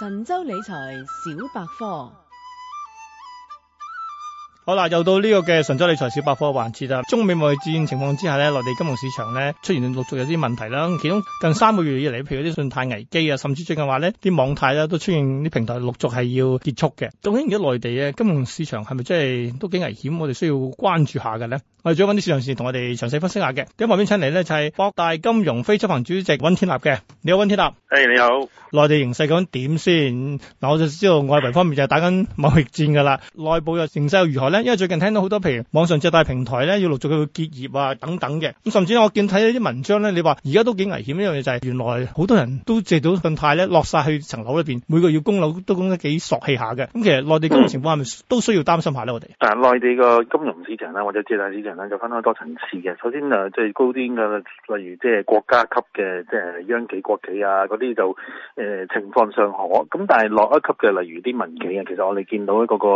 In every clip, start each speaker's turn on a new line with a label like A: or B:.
A: 神州理財小百科。好嗱，又到呢個嘅神州理財小百科環節啦。中美貿易戰情況之下咧，內地金融市場咧出現陸續有啲問題啦。其中近三個月以嚟，譬如啲信貸危機啊，甚至最近話咧啲網貸啦，都出現啲平台陸續係要結束嘅。究竟而家內地嘅金融市場係咪真係都幾危險？我哋需要關注下嘅咧。我哋想揾啲市場人士同我哋詳細分析下嘅。咁旁邊請嚟咧就係博大金融副執行主席溫天納嘅。你好，溫天納。誒，hey, 你好。內地形勢究竟點先？嗱，我就知道外圍方面就打緊貿易戰噶啦，內部又形勢又如何？因為最近聽到好多譬如網上借貸平台咧，要陸續嘅結業啊等等嘅，咁甚至我見睇一啲文章咧，你話而家都幾危險一樣嘢，就係原來好多人都借到信貸咧，落晒去層樓裏邊，每個要供樓都供得幾索氣下嘅。咁其實內地咁嘅情況係咪都需要擔心下咧？我哋
B: 啊，內地個金融市場啦，或者借貸市場啦，就分開多層次嘅。首先啊，最高端嘅，例如即係國家級嘅，即係央企、國企啊嗰啲，就誒、呃、情況尚可。咁但係落一級嘅，例如啲民企啊，嗯、其實我哋見到嗰個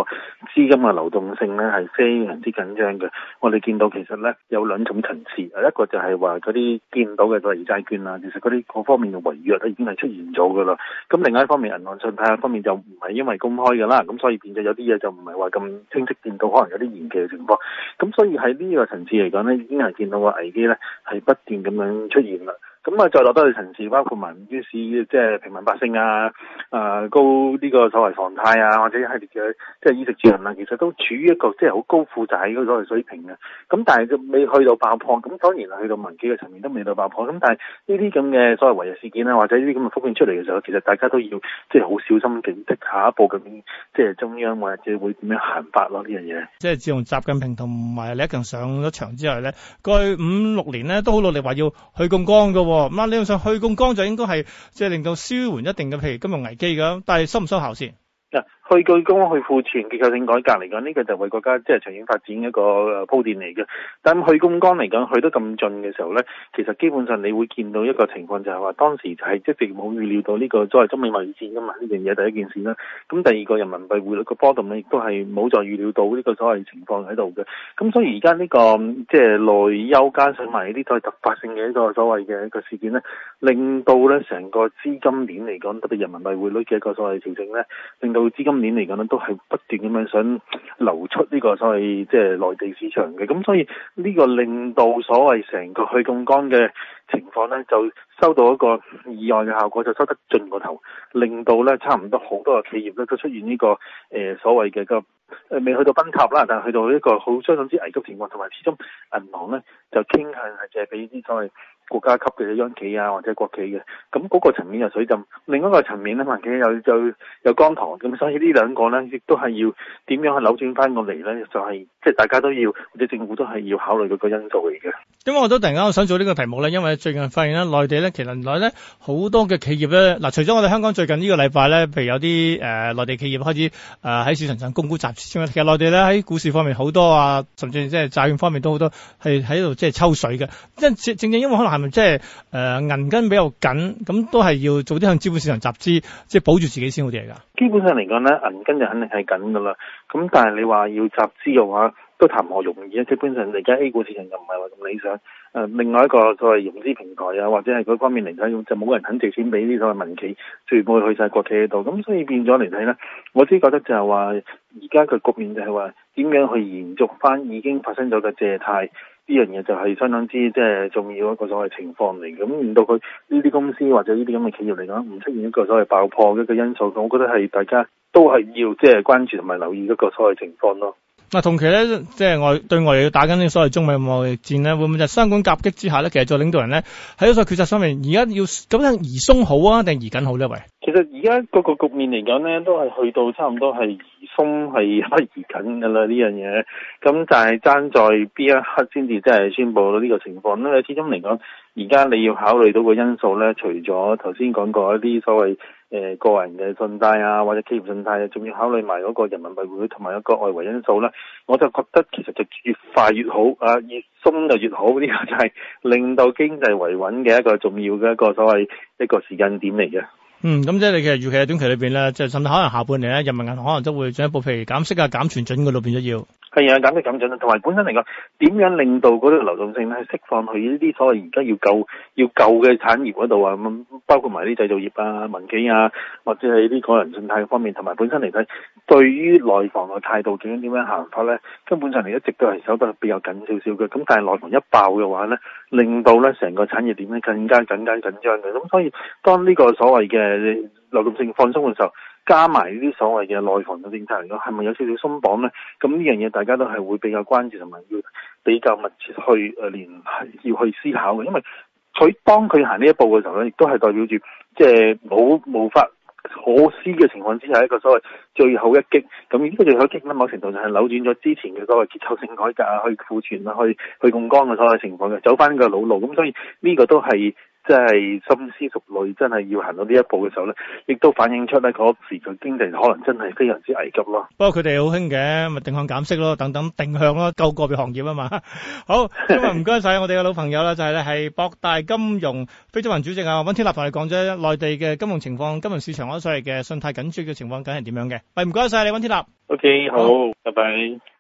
B: 資金嘅流動性。咧係非常之緊張嘅，我哋見到其實呢，有兩種層次，一個就係話嗰啲見到嘅例如債券啊，其實嗰啲各方面嘅違約咧已經係出現咗嘅啦。咁另外一方面，銀行信貸方面就唔係因為公開嘅啦，咁所以變咗有啲嘢就唔係話咁清晰見到，可能有啲延期嘅情況。咁所以喺呢個層次嚟講呢，已經係見到個危機呢，係不斷咁樣出現啦。咁啊，再落多啲層次，包括民於市，即係平民百姓啊，啊高呢個所謂房貸啊，或者系列嘅即係衣食住行啊，其實都處於一個即係好高負債所謂水平啊。咁但係就未去到爆破，咁當然去到民企嘅層面都未到爆破。咁但係呢啲咁嘅所謂違約事件啊，或者呢啲咁嘅風險出嚟嘅時候，其實大家都要即係好小心警惕，下一步究竟即係中央或者會點樣行法咯呢樣嘢。
A: 即係自從習近平同埋李克強上咗場之後咧，過去五六年咧都好努力話要去槓桿嘅哦，咁啊理論上，去槓桿就應該係即係令到舒緩一定嘅，譬如金融危機咁，但係收唔收效先？嗯
B: 去槓桿、去庫存結構性改革嚟講，呢、這個就是為國家即係、就是、長遠發展一個誒鋪墊嚟嘅。但去槓桿嚟講，去得咁盡嘅時候呢，其實基本上你會見到一個情況就係、是、話，當時就係即係冇預料到呢、這個所謂中美貿易戰㗎嘛，呢樣嘢第一件事啦。咁第二個人民幣匯率嘅波動咧，亦都係冇再預料到呢個所謂的情況喺度嘅。咁所以而家呢個即係、就是、內憂加上埋呢啲所謂突發性嘅一個所謂嘅一個事件呢，令到呢成個資金鏈嚟講，特別人民幣匯率嘅一個所謂調整呢，令到資金。今年嚟講咧，都係不斷咁樣想流出呢個所謂即係內地市場嘅，咁所以呢個令到所謂成個去槓桿嘅情況呢，就收到一個意外嘅效果，就收得盡個頭，令到呢差唔多好多嘅企業呢，都出現呢、這個誒、呃、所謂嘅咁。誒未去到崩塌啦，但係去到一個好相當之危急情況，同埋始終銀行咧就傾向係借係俾啲所謂國家級嘅央企啊，或者國企嘅，咁、那、嗰個層面有水浸，另一個層面咧，民企又就有乾塘，咁所以呢兩個咧亦都係要點樣去扭轉翻過嚟咧，就係即係大家都要，或者政府都係要考慮嗰個因素嚟
A: 嘅。咁我都突然間我想做呢個題目咧，因為最近發現咧，內地咧其實內咧好多嘅企業咧，嗱，除咗我哋香港最近呢個禮拜咧，譬如有啲誒內地企業開始誒喺市場上供股集資。其實內地咧喺股市方面好多啊，甚至即係債券方面都好多係喺度即係抽水嘅，因正正因為可能係咪即係誒銀根比較緊，咁都係要做啲向資本市場集資，即係保住自己先好啲嚟噶。
B: 基本上嚟講咧，銀根就肯定係緊噶啦，咁但係你話要集資嘅話。都談何容易啊！基本上而家 A 股市場又唔係話咁理想。誒、呃，另外一個所謂融資平台啊，或者係嗰方面嚟睇，就冇人肯借錢俾呢個民企，全部去晒國企嗰度。咁所以變咗嚟睇呢，我只覺得就係話，而家嘅局面就係話點樣去延續翻已經發生咗嘅借貸呢樣嘢，就係相當之即係重要一個所謂情況嚟。咁令到佢呢啲公司或者呢啲咁嘅企業嚟講，唔出現一個所謂爆破嘅一個因素，咁我覺得係大家都係要即係關注同埋留意一個所謂的情況咯。
A: 嗱，同期咧，即係外對外要打緊呢所謂中美貿易戰咧，會唔會就相管夾擊之下咧？其實做領導人咧，喺一個決策上面，而家要咁樣移鬆好啊，定移緊好呢？喂，
B: 其實而家個個局面嚟講咧，都係去到差唔多係移鬆係不移緊噶啦，呢樣嘢，咁但係爭在邊一刻先至真係宣佈到呢個情況咧。始終嚟講，而家你要考慮到個因素咧，除咗頭先講過一啲所謂、呃、個人嘅信貸啊，或者企業信貸啊，仲要考慮埋嗰個人民幣匯率同埋一個外圍因素呢，我就覺得其實就越快越好啊，越鬆就越好，呢、呢個就係令到經濟維穩嘅一個重要嘅一個所謂一個時間點嚟
A: 嘅。嗯，咁即係你其實預期喺短期裏面咧，就甚至可能下半年咧，人民銀行可能都會進一步譬如減息啊、減存準嗰度變咗要。
B: 係啊，簡直緊張啦！同埋本身嚟講，點樣令到嗰啲流動性咧釋放去呢啲所謂而家要救要救嘅產業嗰度啊？咁包括埋啲製造業啊、民企啊，或者係啲個人信貸嘅方面。同埋本身嚟睇，對於內房嘅態度點樣點樣行法咧？根本上嚟一直都係守得比較緊少少嘅。咁但係內房一爆嘅話咧，令到咧成個產業點樣更加緊加緊張嘅。咁所以當呢個所謂嘅流動性放鬆嘅時候。加埋呢啲所謂嘅內房嘅政策嚟講，係咪有少少鬆綁咧？咁呢樣嘢大家都係會比較關注，同埋要比較密切去誒聯繫，要去思考嘅。因為佢當佢行呢一步嘅時候咧，亦都係代表住即係冇冇法可施嘅情況之下，一個所謂最後一擊。咁呢個最後一擊咧，某程度就係扭轉咗之前嘅嗰個結構性改革啊，去庫存啊，去去槓桿嘅所謂情況嘅，走翻個老路。咁所以呢個都係。即係深思熟慮，真係要行到呢一步嘅時候咧，亦都反映出咧嗰時佢經濟可能真係非常之危急咯。
A: 不過佢哋好興嘅，咪定向減息咯，等等定向咯，救個別行業啊嘛。好，今日唔該晒我哋嘅老朋友啦，就係咧係博大金融副執行主席啊，溫天納同你講咗內地嘅金融情況、金融市場啊，所謂嘅信貸緊張嘅情況，究竟係點樣嘅？唔該晒你，溫天納。
B: O、okay, K，好，好拜拜。